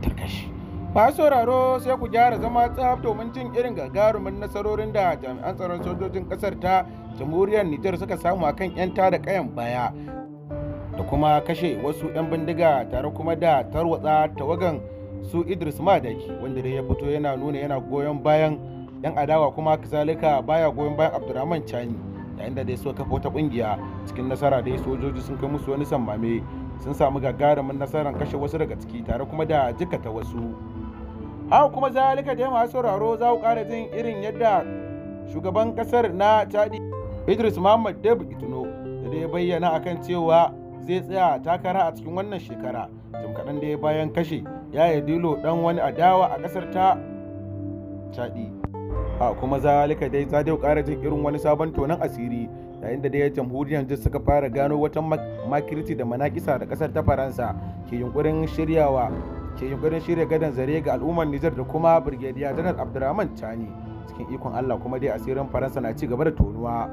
tarkashi masu sauraro sai ku gyara zama tsaf domin jin irin gagarumin nasarorin da jami'an tsaron sojojin kasar ta jamhuriyar nijar suka samu a kan 'yan tada kayan baya da kuma kashe wasu 'yan bindiga tare kuma da tarwatsa tawagan su idris madaki wanda dai ya fito yana nuna yana goyon bayan 'yan adawa kuma kazalika baya goyon bayan abdurrahman chani yayin da dai suka kafa wata kungiya cikin nasara dai sojoji sun kai musu wani sammame sun samu gagarumin nasarar kashe wasu daga ciki tare kuma da jikata wasu haka kuma zalika da masu sauraro za ku ƙara jin irin yadda shugaban ƙasar na chadi idris muhammad dab itno da ya bayyana akan cewa zai tsaya takara a cikin wannan shekara jim kaɗan da bayan kashe ya yi dilo dan wani adawa a kasar ta chadi a kuma zalika dai za dai ƙara jin irin wani sabon tonon asiri yayin da dai jamhuriyar duk suka fara gano wata makirci da manakisa da kasar ta faransa ke yunkurin shiryawa ke yunkurin shirya gadon zare ga al'ummar nijar da kuma birgediya janar abdurrahman tani cikin ikon allah kuma dai asirin faransa na ci gaba da tonuwa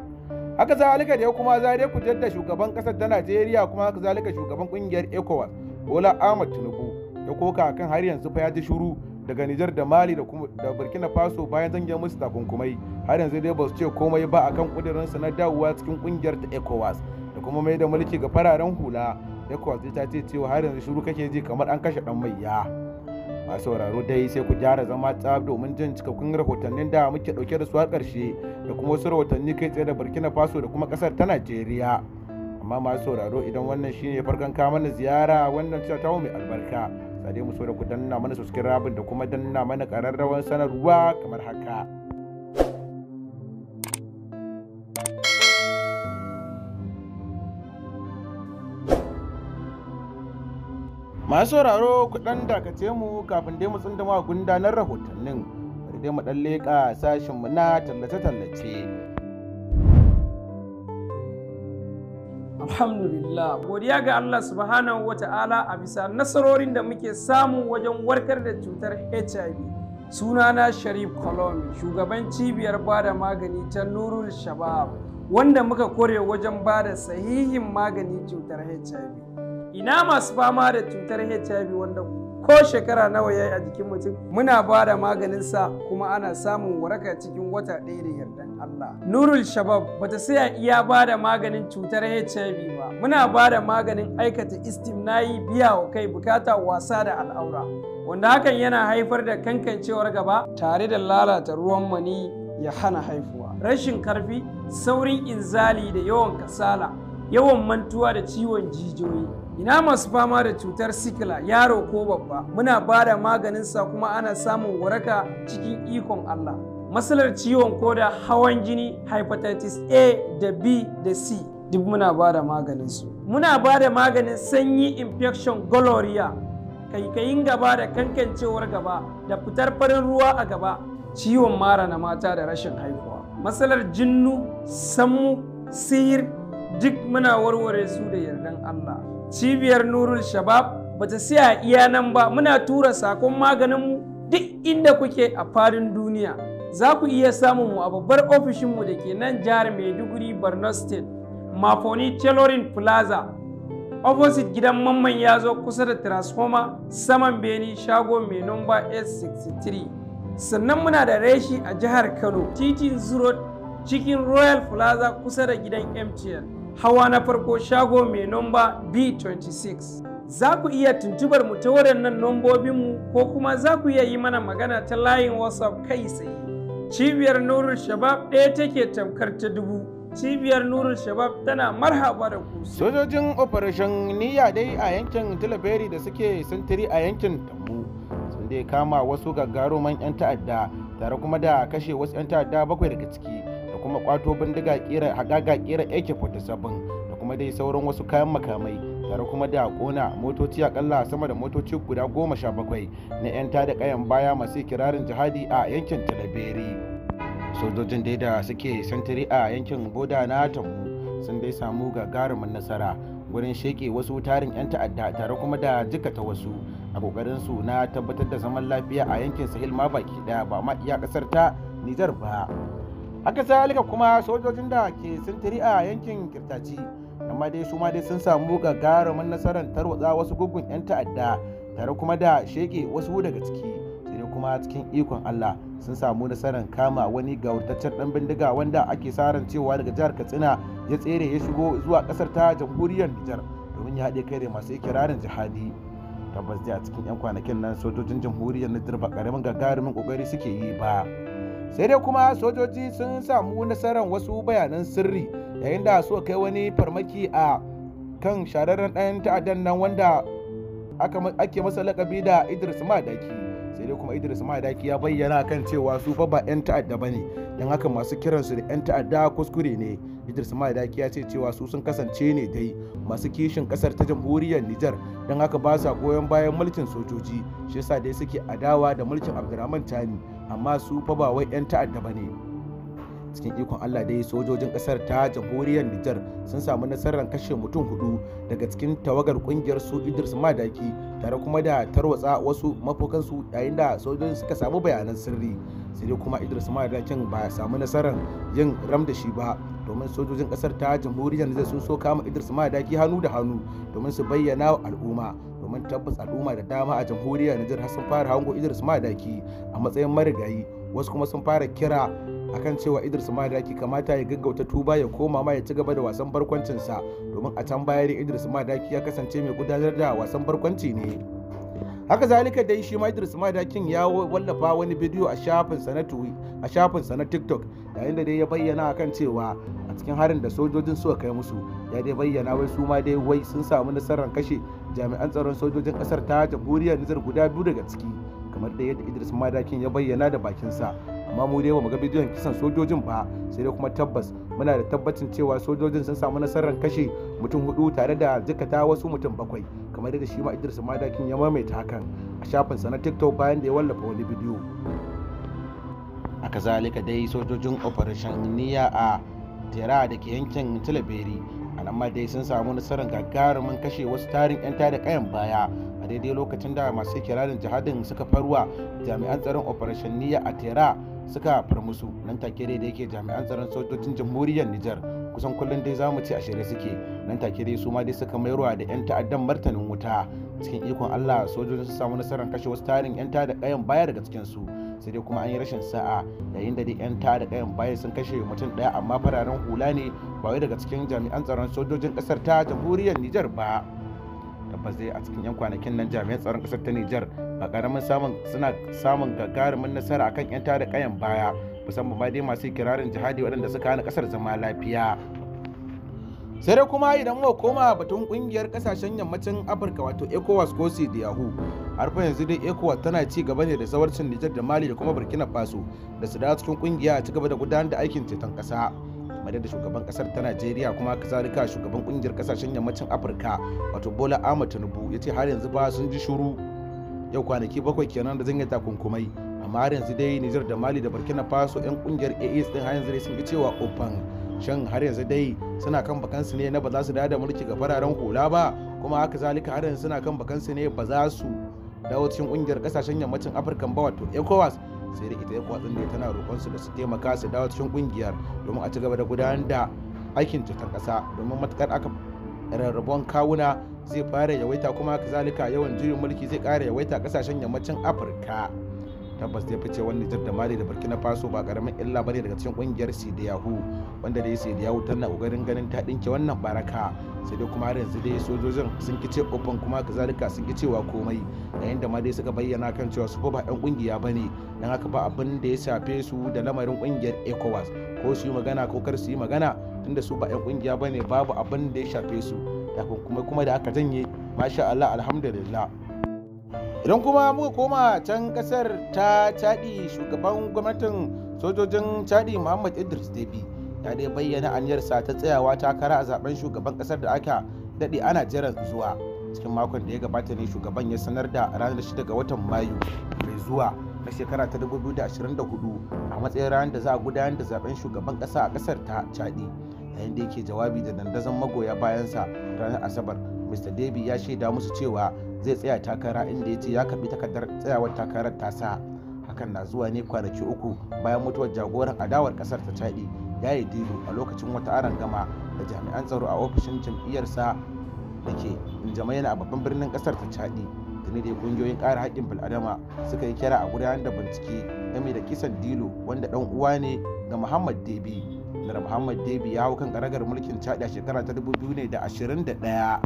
haka zalika da kuma zare ku jaddada shugaban kasar ta najeriya kuma haka zalika shugaban kungiyar ecowas bola ahmad tinubu ya koka kan har yanzu fa ya ji shuru daga Nijar da Mali da kuma da Burkina Faso bayan zangen musu takunkumai har yanzu dai ba su ce komai ba akan su na dawowa cikin kungiyar ta ECOWAS da kuma mai da mulki ga fararen hula ECOWAS ta ce cewa har yanzu shiru kake ji kamar an kashe dan maiya masu sauraro dai sai ku gyara zama tsab domin jin cikakkun rahotannin da muke dauke da su a karshe da kuma wasu rahotanni kai tsaye da Burkina Faso da kuma kasar ta Najeriya. amma masu sauraro idan wannan shine farkon kama na ziyara wannan cewa ta mai albarka sade mu so da ku danna mana subscribe da kuma danna mana kararrawan sanarwa kamar haka masu sauraro ku dan dakace mu kafin dai mu tsindama gundanar rahotannin bari dai mu dan leƙa sashin mu na tallace-tallace alhamdulillah godiya ga Allah subhanahu wa ta'ala a bisa nasarorin da muke samu wajen warkar da cutar HIV sunana Sharif kolon shugaban cibiyar bada magani ta Nurul Shabab wanda muka kore wajen bada sahihin magani cutar HIV ina masu fama da cutar HIV wanda ko shekara nawa ya yi a jikin mutum muna ba da maganinsa kuma ana samun waraka cikin wata ɗaya da yardan Allah. Nurul Shabab bata saya iya ba da maganin cutar HIV ba. Muna ba da maganin aikata istimnayi biya wa kai bukata wasa da al'aura. Wanda hakan yana haifar da kankancewar gaba tare da lalata ruwan mani ya hana haifuwa. Rashin karfi, saurin inzali da yawan kasala, yawan mantuwa da ciwon jijiyoyi. ina masu fama da cutar sikila yaro ko babba muna bada maganin sa kuma ana samun waraka cikin ikon Allah matsalar ciwon koda hawan jini hepatitis A da B da C duk muna ba da su. muna ba da maganin sanyi infection gonorrhea kaikayin gaba da kankancewar gaba da fitar farin ruwa a gaba ciwon mara na mata da rashin haihuwa matsalar jinnu sammu sihir duk muna warware su da yardan Allah cibiyar nurul shabab ba ta siya iya nan ba muna tura sakon maganinmu duk inda kuke a fadin duniya za ku iya samun mu a babbar ofishinmu da ke nan jihar maiduguri borno state mafoni tailoring plaza opposite gidan mamman ya zo kusa da transformer saman beni shago mai nomba h63 sannan muna da reshi a jihar kano titin zuro cikin royal plaza kusa da gidan mtn hawa na farko shago mai nomba B26. Za ku iya tuntubar mu ta waɗannan nombobinmu ko kuma za ku iya yi mana magana ta layin WhatsApp kai tsaye. Cibiyar Nurul Shabab ɗaya take tamkar ta dubu. Cibiyar Nurul Shabab tana marhaba da ku. Sojojin Operation Niyya dai a yankin Tilaberi da suke sintiri a yankin Tambu sun dai kama wasu gagaruman 'yan ta'adda tare kuma da kashe wasu 'yan ta'adda bakwai daga ciki. kuma kwato bindiga kera hagaga kera AK47 da kuma dai sauran wasu kayan makamai tare kuma da kona motoci akalla sama da motoci guda goma sha bakwai na 'yan tada kayan baya masu kirarin jihadi a yankin talaberi sojojin dai da suke santiri a yankin boda na tabu sun dai samu gagarumin nasara gurin sheke wasu tarin 'yan ta'adda tare kuma da jikata wasu a kokarin su na tabbatar da zaman lafiya a yankin sahil ma baki daya ba ma iya kasar ta nijar ba haka zalika kuma sojojin da ke sintiri a yankin kirtaci amma dai su ma dai sun samu gagarumin nasarar tarwatsa wasu gugun 'yan ta'adda tare kuma da sheke wasu daga ciki sai kuma cikin ikon Allah sun samu nasarar kama wani gaurtaccen dan bindiga wanda ake saran cewa daga jihar Katsina ya tsere ya shigo zuwa kasar ta jamhuriyar Nijar domin ya haɗe kai da masu ikirarin jihadi tabbas dai a cikin 'yan kwanakin nan sojojin jamhuriyar Nijar ba karamin gagarumin kokari suke yi ba. sai dai kuma sojoji sun samu nasarar wasu bayanan sirri yayin da suka kai wani farmaki a kan shararren ɗayan ta'addan nan wanda ake masa lakabi da idris madaki sai dai kuma idris madaki ya bayyana kan cewa su fa ba 'yan ta'adda ba ne don haka masu kiransu da 'yan ta'adda kuskure ne idris madaki ya ce cewa su sun kasance ne dai masu kishin kasar ta jamhuriyar nijar don haka ba sa goyon bayan mulkin sojoji shi yasa dai suke adawa da mulkin abdurrahman tani amma su fa ba wai 'yan ta'adda ba ne cikin ikon allah dai sojojin kasar ta jamhuriyar nijar sun samu nasarar kashe mutum hudu daga cikin tawagar kungiyar su idris madaki tare kuma da tarwatsa wasu mafokansu yayin da sojojin suka samu bayanan sirri sai dai kuma idris madakin ba ya samu nasarar yin ram da shi ba domin sojojin kasar ta jamhuriyar nijar sun so kama idris madaki hannu da hannu domin su bayyana al'umma domin tabbas al'umma da dama a jamhuriyar Nijar har sun fara hango Idris Madaki a matsayin marigayi wasu kuma sun fara kira akan cewa Idris Madaki kamata ya gaggauta tuba ya koma ma ya ci gaba da wasan barkwancinsa domin a can baya Idris Madaki ya kasance mai gudanar da wasan barkwanci ne. haka zalika dai shi ma Idris Madakin ya wallafa wani bidiyo a shafinsa na a sa na TikTok yayin da dai ya bayyana akan cewa a cikin harin da sojojin suka kai musu ya dai bayyana wai su ma dai wai sun samu nasarar kashe jami'an tsaron sojojin kasar ta jamhuriyar nizar guda biyu daga ciki kamar da yadda Idris Madakin ya bayyana da bakinsa amma mu dai ba mu ga bidiyon kisan sojojin ba sai dai kuma tabbas muna da tabbacin cewa sojojin sun samu nasarar kashe mutum hudu tare da jikata wasu mutum bakwai kamar yadda shi ma Idris Madakin ya maimaita hakan a shafin sa na TikTok bayan da ya wallafa wani bidiyo a kazalika dai sojojin operation niya a tera da ke yankin tilaberi amma dai sun samu nasarar gagarumin kashe wasu tarin 'yan tada kayan baya a daidai lokacin da masu kirarin jihadin suka farwa jami'an tsaron operation niyya a tera suka farmusu musu nan take dai da yake jami'an tsaron sojojin jamhuriyar Nijar kusan kullum dai zamu ci a shirye suke nan take dai su ma dai suka mayarwa da 'yan ta'addan martanin wuta cikin ikon Allah sojojin sun samu nasarar kashe wasu tarin 'yan tada kayan baya daga cikin su sai dai kuma an yi rashin sa'a yayin da dai 'yan ta da kayan baya sun kashe mutum daya amma fararen hula ne ba wai daga cikin jami'an tsaron sojojin kasar ta jamhuriyar Nijar ba tabbas dai a cikin 'yan kwanakin nan jami'an tsaron kasar ta Nijar ba karamin samun suna samun gagarumin nasara akan 'yan ta da kayan baya musamman ma dai masu kirarin jihadi waɗanda suka hana kasar zama lafiya sai dai kuma idan muka koma batun kungiyar kasashen yammacin afirka wato ecowas ko da yahoo har fa yanzu dai ecowas tana ci gaba ne da sawarcin nijar da mali da kuma burkina faso da su dawo cikin kungiya a ci gaba da gudanar da aikin ceton kasa kamar da shugaban kasar ta najeriya kuma kazalika shugaban kungiyar kasashen yammacin afirka wato bola ahmad tinubu ya ce har yanzu ba sun ji shuru yau kwanaki bakwai kenan da zanya takunkumai amma har yanzu dai nijar da mali da burkina faso 'yan kungiyar ais e din har yanzu dai sun ki cewa open shan har yanzu dai suna kan bakansu ne na ba za su da mulki ga fararen hula ba kuma haka zalika har yanzu suna kan bakansu ne ba za su dawo cikin kungiyar kasashen yammacin afirka ba wato ecowas sai da ita ecowas din tana roƙon su da su taimaka su dawo cikin kungiyar domin a ci gaba da gudanar da aikin cutar kasa domin matukar aka rarrabon kawuna zai fara yawaita kuma haka zalika yawan juyin mulki zai kara yawaita kasashen yammacin afirka tabbas zai fice wani Nijar da Mali da Burkina Faso ba karamin illa bane daga cikin kungiyar yahu wanda dai yahu tana kokarin ganin ta dinke wannan baraka sai dai kuma har yanzu dai sojojin sun kice kofan kuma kazalika sun cewa komai yayin da ma dai suka bayyana kan cewa su ba yan kungiya bane dan haka ba abin da ya shafe su da lamarin kungiyar ECOWAS ko su yi magana ko kar su yi magana tunda su ba yan kungiya bane babu abin da ya shafe su da kuma kuma da aka janye masha Allah alhamdulillah idan kuma muka koma can kasar ta chadi shugaban gwamnatin sojojin chadi muhammad idris debi ya dai bayyana aniyarsa ta tsayawa takara a zaben shugaban kasar da aka daɗe ana jiran zuwa cikin makon da ya gabata ne shugaban ya sanar da ranar 6 ga watan mayu mai zuwa na shekara ta 2024 a matsayin ranar da za a gudanar da zaben shugaban kasa a kasar ta chadi yayin da yake jawabi da dandazon magoya bayansa ranar asabar mr davy ya shaida musu cewa zai tsaya takara inda ya ce ya karbi takardar tsayawar takarar tasa hakan na zuwa ne kwanaki uku bayan mutuwar jagoran adawar kasar ta chadi yi dilo a lokacin wata aron gama da jami'an tsaro a ofishin jam'iyyarsa da ke jama'a a babban birnin kasar ta chadi ne da kungiyoyin kare haƙƙin bil'adama suka yi kira a gudanar da bincike game da kisan dilo wanda dan uwa ne ga muhammad debi nar muhammad debi ya hau kan karagar mulkin chadi a shekara ta 2021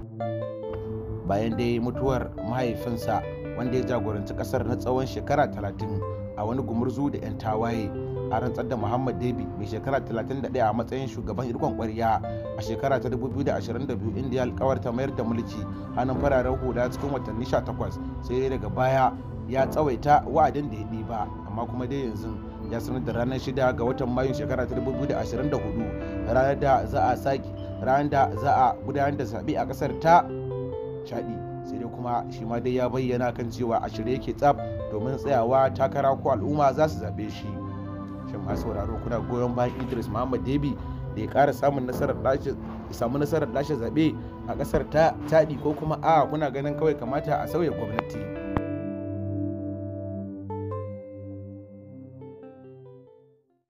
bayan dai mutuwar mahaifinsa wanda ya jagoranci kasar na tsawon shekara talatin a wani gumurzu da 'yan tawaye a rantsar da Muhammad Debi mai shekara 31 a matsayin shugaban irkon kwarya a shekara ta 2022 inda ya alkawarta mayar da mulki hannun fararen hula cikin watanni 18 sai dai daga baya ya tsawaita wa'adin da ya ɗiba amma kuma dai yanzu ya sanar da ranar 6 ga watan mayu shekara ta 2024 ranar da za a sake ranar da za a gudanar da zaɓe a ƙasar ta shaɗi sai dai kuma shi ma dai ya bayyana kan cewa a shirye yake tsaf domin tsayawa takara ko al'umma za su zaɓe shi shin ma sauraro kuna goyon bayan idris muhammad debi da ya kara samun nasarar lashe samu nasarar lashe zaɓe a ƙasar ta taɗi ko kuma a kuna ganin kawai kamata a sauya gwamnati